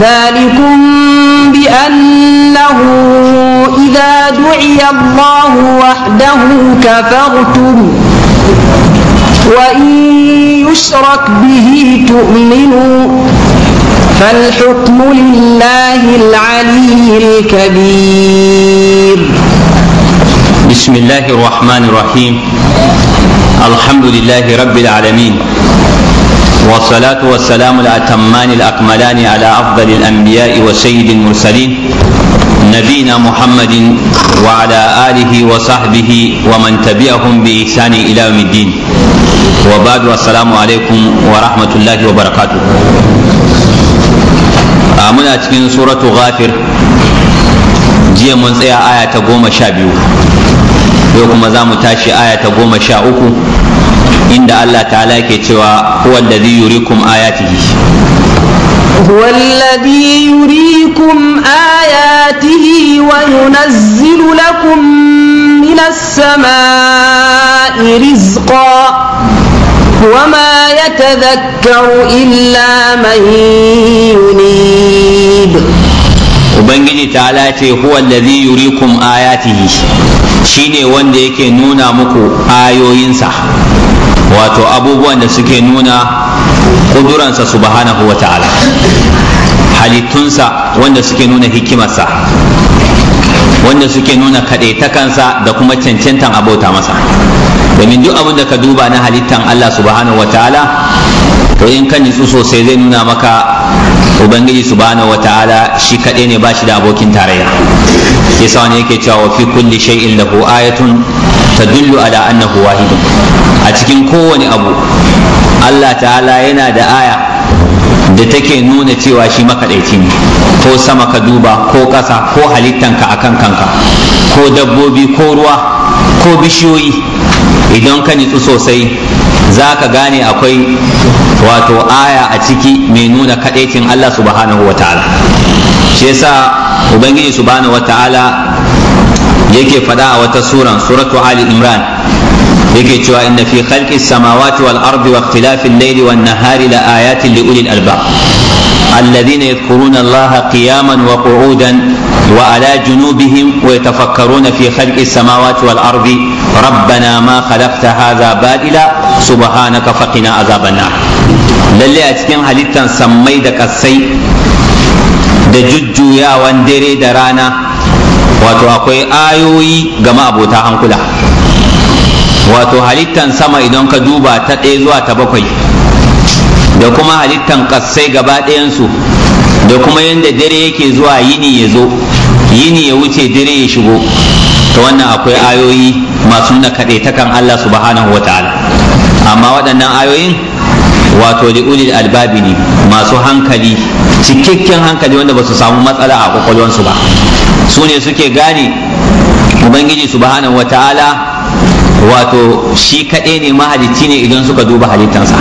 ذلكم بأنه إذا دعي الله وحده كفرتم وإن يشرك به تؤمنوا فالحكم لله العلي الكبير بسم الله الرحمن الرحيم الحمد لله رب العالمين والصلاة والسلام الأتمان الأكملان على أفضل الأنبياء وسيد المرسلين نبينا محمد وعلى آله وصحبه ومن تبعهم بإحسان إلى يوم الدين وبعد والسلام عليكم ورحمة الله وبركاته آمنا آه، من سورة غافر جي من آية قوم شابيو يوكم زامو تاشي آية قوم شاء inda Allah ta'ala yake cewa huwa alladhi yurikum ayatihi huwa هو الذي يريكم آياته وينزل لكم من السماء رزقا وما يتذكر إلا من ينيب Ubangiji ta'ala ce huwa allazi yurikum ayatihi shine wanda yake nuna muku ayoyinsa wato abubuwan da suke nuna kuduransa subhanahu wa ta'ala halittunsa wanda suke nuna hikimarsa wanda suke nuna kaɗaitakansa da kuma cancantan abota masa domin duk abin da ka duba na halittan Allah subhanahu ta'ala to in ka nitsu sosai zai nuna maka ubangiji subhanahu ta'ala shi kaɗai ne ba shi da abokin tarayya yasa wani yake cewa wa fi kulli shay'in lahu ayatun tadullu ala annahu wahidun a cikin kowane abu Allah ta'ala yana da aya da take nuna cewa shi makaɗaici ne ko sama ka duba ko ƙasa ko halittanka akan kanka ko dabbobi ko ruwa ko bishiyoyi idan ka nitsu sosai za ka gane akwai wato aya a ciki mai nuna kaɗaicin Allah subhanahu wa ta'ala shi yasa ubangiji subhanahu wa ta'ala da yake fada a wata suran suratu ali imran yake cewa inna fi khalqis samawati wal ardi wa ikhtilafil layli wan nahari la ayatin li ulil albab الذين يذكرون الله قياما وقعودا وعلى جنوبهم ويتفكرون في خلق السماوات والارض ربنا ما خلقت هذا باطلا سبحانك فقنا عذاب النار lalle a cikin halittan sammai da kassai da jujjuyawan dare da rana wato akwai ayoyi ga ma'abota hankula wato halittan sama idan ka duba ta ɗaya zuwa ta bakwai da kuma halittan ƙasai gaba ɗayansu da kuma yadda dare yake zuwa yini ya zo yini ya wuce dare ya shigo ta wannan akwai ayoyi masu nuna kan Allah subhanahu wa ta'ala amma waɗannan ayoyin wato ulil albabi ne masu hankali cikakken hankali wanda ba su samu matsala a kwakwalwansu ba su ne suke gane ubangiji subhanahu wata'ala wato shi kaɗai ne mahalicci ne idan suka duba halittansa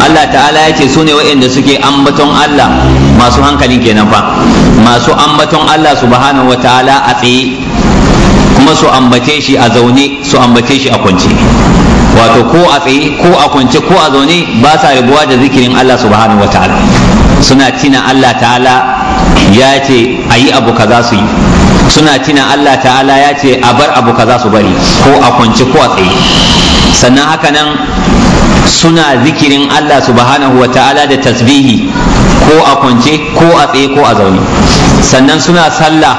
Allah ta'ala ya ce su ne wa'inda suke ambaton Allah masu hankalin kenan fa masu ambaton Allah subhanahu wata'ala a tsaye kuma su ambace shi a zaune su ambace shi a kwance wato ko a tsaye ko a kwance ko a zaune ba sa rabuwa da zikirin Allah subhanahu wa ta'ala suna tina Allah ta'ala ya ce a yi abu kaza su yi suna tina Allah ta'ala ya ce a bar abu kaza su bari ko a kwanci ko a tsaye sannan haka nan suna zikirin Allah subhanahu wa ta'ala da tasbihi ko a kwance ko a tsaye ko a zaune sannan suna sallah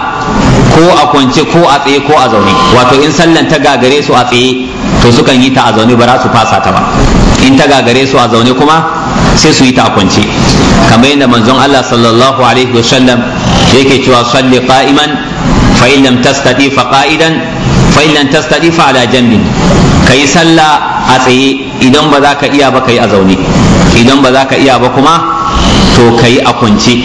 ko a kwance ko a tsaye ko a zaune wato in sallan ta gagare su a tsaye to sukan yi ta a zaune ba za su fasa ta ba in ta gagare su a zaune kuma sai su yi ta kwance kamar yadda manzon Allah sallallahu alaihi wa sallam yake cewa salli qa'iman fa in lam tastati fa qa'idan fa in lam tastati fa ala jambin kai sallah a tsaye idan ba za ka iya ba kai a zaune idan ba za ka iya ba kuma to kai a kwance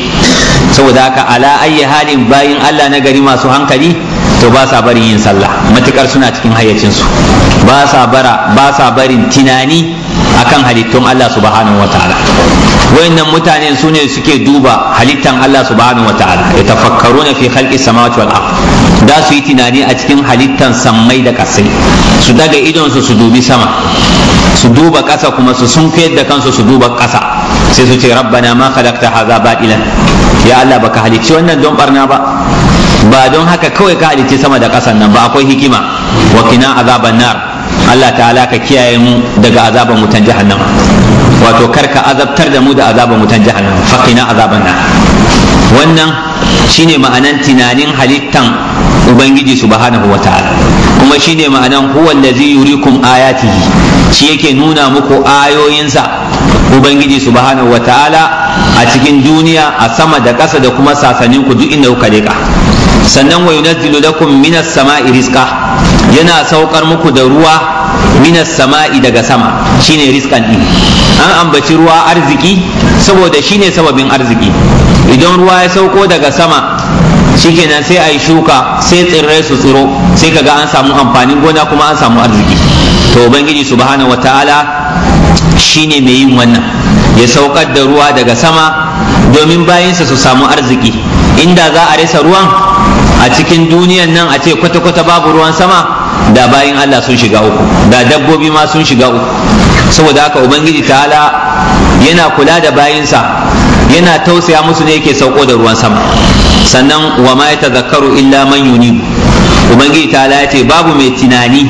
saboda haka ala ayyi halin bayin Allah na gari masu hankali to ba sa barin yin sallah matukar suna cikin hayyacinsu ba sa bara ba sa barin tunani akan halittun Allah subhanahu wa ta'ala wayannan mutane su ne suke duba halittan Allah subhanahu wa ta'ala ya tafakkaru na fi khalqi samawati wal ard da su yi tunani a cikin halittan sammai da kasai su daga idon su su dubi sama su duba kasa kuma su sun da kansu su duba kasa sai su ce rabbana ma khalaqta hadha batilan ya Allah baka halicci wannan don barna ba ba don haka kawai ka halicci sama da kasan nan ba akwai hikima wa kina azaban nar Allah ta'ala ka kiyaye mu daga azaban mutan jahannam wato kar ka azabtar da mu da azaban mutan jahannam faqina azaban nan wannan shine ma'anan tunanin halittan ubangiji subhanahu wa ta'ala kuma shine ma'anan huwa allazi yurikum ayatihi shi yake nuna muku ayoyinsa ubangiji subhanahu wa ta'ala a cikin duniya a sama da ƙasa da kuma ku duk inda kuka leka sannan wa yunazzilu lakum minas sama'i rizqa yana saukar muku da ruwa minas sama'i daga sama shine riskan din an ambaci ruwa arziki saboda shine sababin arziki idan ruwa ya sauko daga sama shikenan sai a shuka sai tsirrai su tsiro sai kaga an samu amfanin gona kuma an samu arziki to ubangiji subhanahu wataala shine mai yin wannan ya saukar da ruwa daga sama domin bayansa su samu arziki inda za a rasa ruwan a cikin duniyan nan a ce kwata-kwata babu ruwan sama da bayin Allah sun shiga uku da dabbobi ma sun shiga uku saboda haka ubangiji ta'ala yana kula da bayinsa yana tausaya musu ne yake sauko da ruwan sama sannan wa ma zakaru illa man yuni ubangiji ta'ala ya ce babu mai tunani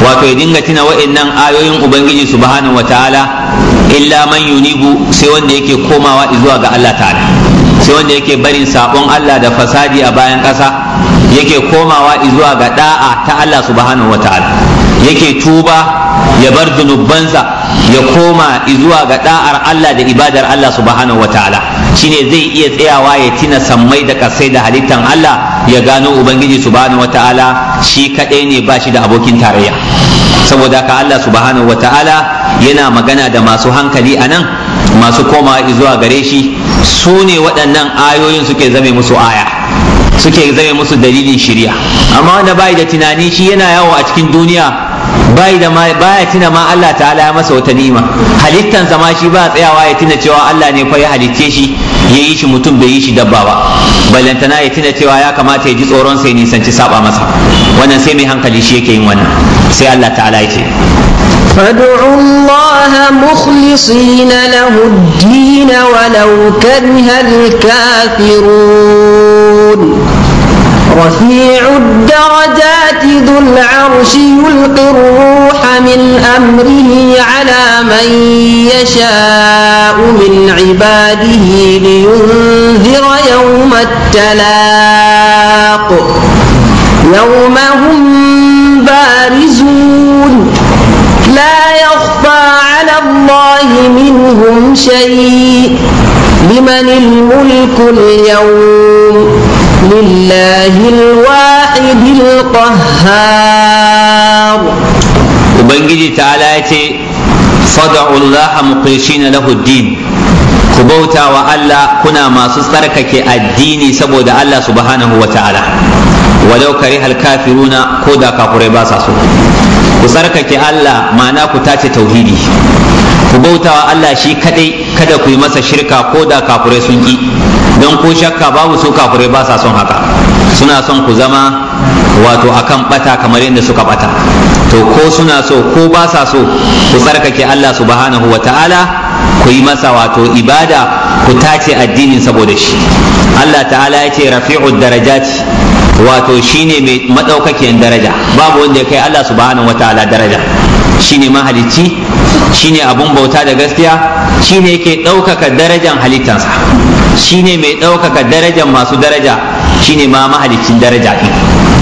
wato ya dinga tuna wa'annan ayoyin ubangiji subhanahu ta'ala illa man yunibu sai wanda yake komawa zuwa ga Allah ta'ala sai wanda yake barin sabon Allah da fasadi a bayan ƙasa yake komawa zuwa ga da'a ta Allah subhanahu wata'ala yake tuba ya bar zunubansa ya koma zuwa ga da'ar Allah da ibadar Allah subhanahu wata'ala shine zai iya tsayawa ya tina sammai da kasai da halittan Allah ya gano ubangiji subhanahu wata'ala shi kadai ne ba shi da abokin tarayya saboda ka Allah subhanahu wata'ala yana magana da masu hankali anan masu komawa zuwa gare shi su ne waɗannan ayoyin suke zame musu aya suke zai musu dalilin shirya amma wanda bai da tunani shi yana yawo a cikin duniya bai da baya tuna ma Allah ta'ala ya masa wata ni'ima halittan zama shi ba tsayawa ya tuna cewa Allah ne fa ya halicce shi ya yi shi mutum bai yi shi dabba ba ballantana ya tuna cewa ya kamata ya ji tsoron sai nisanci saba masa wannan sai mai hankali shi yake yin wannan sai Allah ta'ala ya ce فادعوا الله مخلصين له الدين ولو كره الكافرون رفيع الدرجات ذو العرش يلقي الروح من أمره على من يشاء من عباده لينذر يوم التلاق يوم هم بارزون لا يخفى على الله منهم شيء لمن الملك اليوم لله الواحد القهار وبنجي تعالى فدعوا الله مخلصين na lahudin. ku bauta wa Allah kuna masu tsarkake addini saboda Allah subhanahu wa ta'ala walau kare halkafiruna ko da kafurai ba sa so ku tsarkake Allah ma'ana ku tace tauhidi ku bauta wa Allah shi kaɗai kada ku yi masa shirka ko da kafurai sun ki don ko shakka babu su kafirai ba sa son haka suna son ku zama wato akan bata kamar yadda suka bata to ko suna so ko ba sa so ku tsarkake Allah subhanahu wa ta'ala ku yi masa wato ibada ku tace addinin saboda shi Allah ta'ala ya ce rafi'ud darajat wato shine mai madaukakin daraja babu wanda ya kai Allah subhanahu wa ta'ala daraja shine mahalicci shine abun bauta da gaskiya shine yake ɗaukaka darajan halittansa shine mai ɗaukaka darajar masu daraja shine ma mahalicin daraja ɗin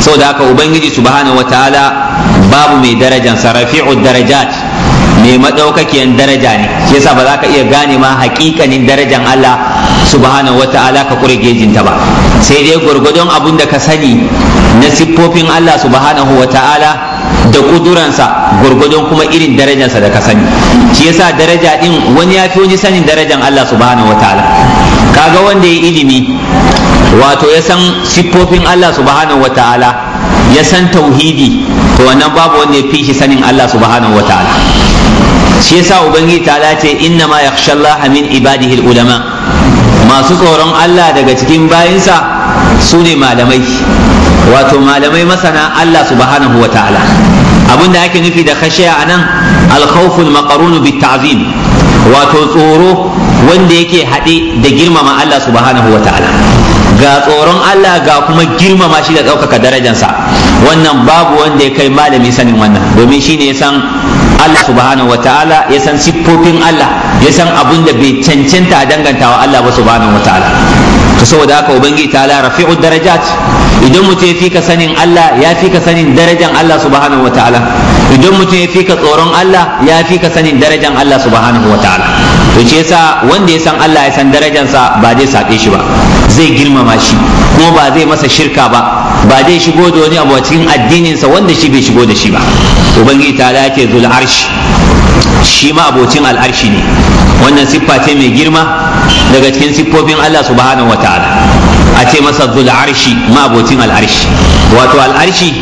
saboda haka ubangiji subhanahu wataala babu mai darajan sarafi'u darajat mai maɗaukakiyan daraja ne shi yasa ba za ka iya gane ma hakikanin darajan Allah subhanahu wataala ka kure gejinta ba sai dai gwargwadon abun da ka sani na siffofin Allah subhanahu wataala da ƙuduransa gurgudun kuma irin darajarsa da ka sani shi yasa daraja din wani ya fi wani sanin darajan Allah subhanahu wataala kaga wanda ya ilimi wato ya san siffofin Allah subhanahu ta'ala ya san tauhidi to wannan babu wanda ya fi shi sanin Allah subhanahu ta'ala shi yasa ubangiji ta ce inna ma yakhshallaha min ibadihi ulama masu tsoron Allah daga cikin bayinsa su ne malamai wato malamai masana Allah subhanahu ta'ala abinda ake nufi da khashiya anan al-khawful maqrun bit ta'zim wato tsoro wanda yake haɗe da girmama Allah subhanahu wa ta'ala ga tsoron Allah ga kuma girmama shi da ɗaukaka darajansa wannan babu wanda ya kai malami sanin wannan domin shi ne ya san Allah subhanahu ta'ala, ya san siffofin Allah ya san abun da bai cancanta a dangantawa Allah ba subhanahu ta'ala. to saboda haka ubangiji ta'ala rafi'u darajat idan mutum ya fi ka sanin Allah ya fi ka sanin darajan Allah subhanahu wa ta'ala idan mutum ya fi ka tsoron Allah ya fi ka sanin darajan Allah subhanahu wa ta'ala to ce yasa wanda ya san Allah ya san darajansa ba zai saɓe shi ba zai girmama shi kuma ba zai masa shirka ba ba zai shigo da wani abu a cikin addininsa wanda shi bai shigo da shi ba ubangiji ta'ala ya ke zul arshi shi ma abocin al'arshi ne wannan siffa ce mai girma daga cikin siffofin Allah subhanahu wataala a ce masa zul arshi ma abocin al'arshi wato al'arshi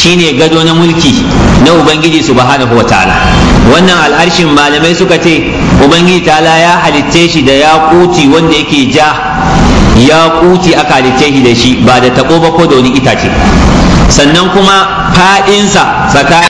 shine gado na mulki na ubangiji subhanahu wataala wannan al'arshin malamai suka ce ubangiji ta'ala ya halitte shi da ya kuti wanda yake ja ya kuti aka halitte shi da shi ba da tabo ba ko da wani itace sannan kuma fadinsa tsakanin